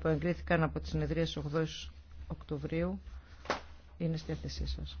που εγκρίθηκαν από τις συνεδρίες 8 Οκτωβρίου είναι στη θέση σας.